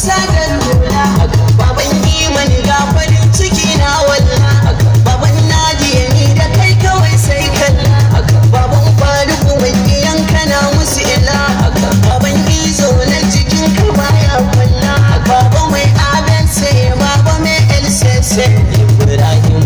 sadan lula baban imani ga farin ciki na walla haka baban nadiya ni da kai kawai sai kalla haka baban faruku mai iyan kana musu ila haka baban izo na jikin ka baya kwalla haka baba mai aben sai baba mai elsese ibrahim